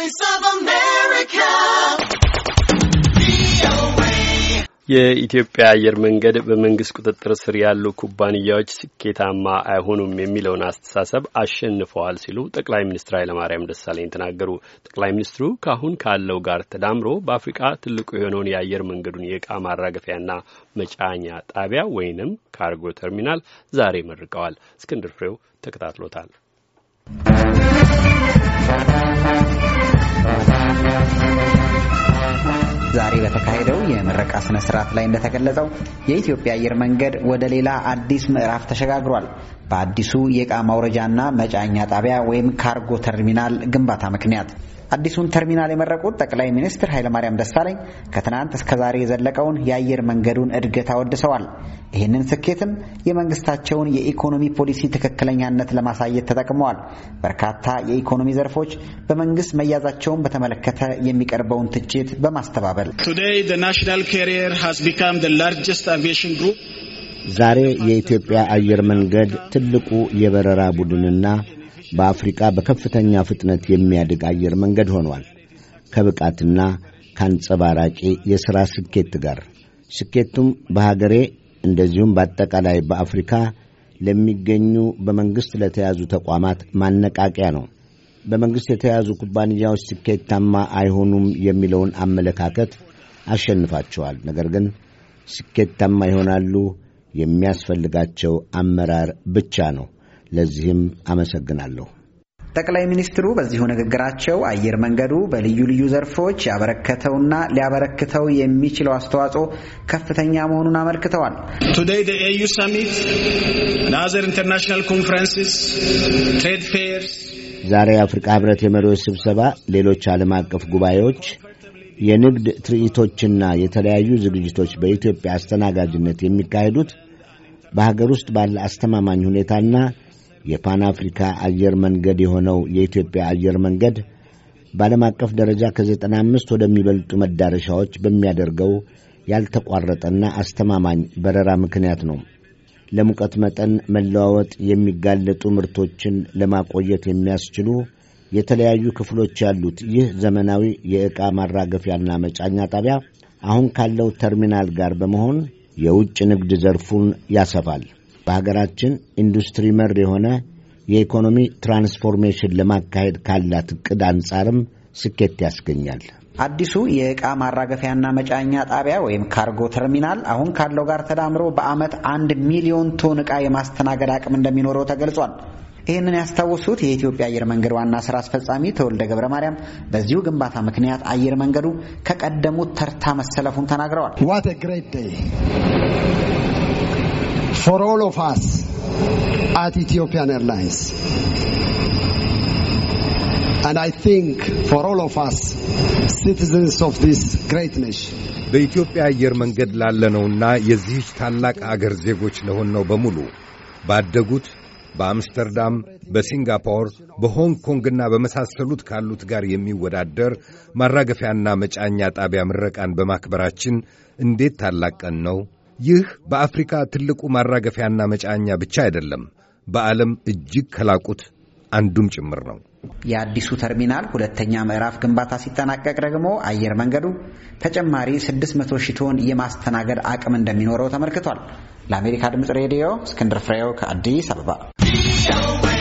Voice of America. የኢትዮጵያ አየር መንገድ በመንግስት ቁጥጥር ስር ያሉ ኩባንያዎች ስኬታማ አይሆኑም የሚለውን አስተሳሰብ አሸንፈዋል ሲሉ ጠቅላይ ሚኒስትር ኃይለማርያም ደሳለኝ ተናገሩ። ጠቅላይ ሚኒስትሩ ካሁን ካለው ጋር ተዳምሮ በአፍሪቃ ትልቁ የሆነውን የአየር መንገዱን የእቃ ማራገፊያና መጫኛ ጣቢያ ወይንም ካርጎ ተርሚናል ዛሬ መርቀዋል። እስክንድር ፍሬው ተከታትሎታል። የምረቃ ስነ ስርዓት ላይ እንደተገለጸው የኢትዮጵያ አየር መንገድ ወደ ሌላ አዲስ ምዕራፍ ተሸጋግሯል። በአዲሱ የዕቃ ማውረጃና መጫኛ ጣቢያ ወይም ካርጎ ተርሚናል ግንባታ ምክንያት አዲሱን ተርሚናል የመረቁት ጠቅላይ ሚኒስትር ኃይለማርያም ደሳለኝ ከትናንት እስከ ዛሬ የዘለቀውን የአየር መንገዱን እድገት አወድሰዋል። ይህንን ስኬትም የመንግስታቸውን የኢኮኖሚ ፖሊሲ ትክክለኛነት ለማሳየት ተጠቅመዋል። በርካታ የኢኮኖሚ ዘርፎች በመንግስት መያዛቸውን በተመለከተ የሚቀርበውን ትችት በማስተባበል ዛሬ የኢትዮጵያ አየር መንገድ ትልቁ የበረራ ቡድንና በአፍሪቃ በከፍተኛ ፍጥነት የሚያድግ አየር መንገድ ሆኗል። ከብቃትና ከአንጸባራቂ የሥራ ስኬት ጋር ስኬቱም በሀገሬ እንደዚሁም በአጠቃላይ በአፍሪካ ለሚገኙ በመንግሥት ለተያዙ ተቋማት ማነቃቂያ ነው። በመንግሥት የተያዙ ኩባንያዎች ስኬታማ አይሆኑም የሚለውን አመለካከት አሸንፋቸዋል። ነገር ግን ስኬታማ ይሆናሉ። የሚያስፈልጋቸው አመራር ብቻ ነው። ለዚህም አመሰግናለሁ። ጠቅላይ ሚኒስትሩ በዚሁ ንግግራቸው አየር መንገዱ በልዩ ልዩ ዘርፎች ያበረከተውና ሊያበረክተው የሚችለው አስተዋጽኦ ከፍተኛ መሆኑን አመልክተዋል። ኤዩ ሰሚት ናዘር ኢንተርናሽናል ኮንፈረንስስ ትሬድ ፌርስ ዛሬ የአፍሪቃ ህብረት የመሪዎች ስብሰባ፣ ሌሎች ዓለም አቀፍ ጉባኤዎች፣ የንግድ ትርኢቶችና የተለያዩ ዝግጅቶች በኢትዮጵያ አስተናጋጅነት የሚካሄዱት በሀገር ውስጥ ባለ አስተማማኝ ሁኔታና የፓን አፍሪካ አየር መንገድ የሆነው የኢትዮጵያ አየር መንገድ በዓለም አቀፍ ደረጃ ከዘጠና አምስት ወደሚበልጡ መዳረሻዎች በሚያደርገው ያልተቋረጠና አስተማማኝ በረራ ምክንያት ነው ለሙቀት መጠን መለዋወጥ የሚጋለጡ ምርቶችን ለማቆየት የሚያስችሉ የተለያዩ ክፍሎች ያሉት ይህ ዘመናዊ የዕቃ ማራገፊያና መጫኛ ጣቢያ አሁን ካለው ተርሚናል ጋር በመሆን የውጭ ንግድ ዘርፉን ያሰፋል። በሀገራችን ኢንዱስትሪ መር የሆነ የኢኮኖሚ ትራንስፎርሜሽን ለማካሄድ ካላት እቅድ አንጻርም ስኬት ያስገኛል። አዲሱ የእቃ ማራገፊያና መጫኛ ጣቢያ ወይም ካርጎ ተርሚናል አሁን ካለው ጋር ተዳምሮ በዓመት አንድ ሚሊዮን ቶን ዕቃ የማስተናገድ አቅም እንደሚኖረው ተገልጿል። ይህንን ያስታወሱት የኢትዮጵያ አየር መንገድ ዋና ስራ አስፈጻሚ ተወልደ ገብረ ማርያም በዚሁ ግንባታ ምክንያት አየር መንገዱ ከቀደሙት ተርታ መሰለፉን ተናግረዋል። for all of us at Ethiopian Airlines. And I think for all of us, citizens of this great nation. በኢትዮጵያ አየር መንገድ ላለነውና የዚህች ታላቅ አገር ዜጎች ለሆንነው በሙሉ ባደጉት በአምስተርዳም፣ በሲንጋፖር፣ በሆንግ ኮንግና በመሳሰሉት ካሉት ጋር የሚወዳደር ማራገፊያና መጫኛ ጣቢያ ምረቃን በማክበራችን እንዴት ታላቅ ቀን ነው! ይህ በአፍሪካ ትልቁ ማራገፊያና መጫኛ ብቻ አይደለም፣ በዓለም እጅግ ከላቁት አንዱም ጭምር ነው። የአዲሱ ተርሚናል ሁለተኛ ምዕራፍ ግንባታ ሲጠናቀቅ ደግሞ አየር መንገዱ ተጨማሪ 600 ሺህ ቶን የማስተናገድ አቅም እንደሚኖረው ተመልክቷል። ለአሜሪካ ድምፅ ሬዲዮ እስክንድር ፍሬው ከአዲስ አበባ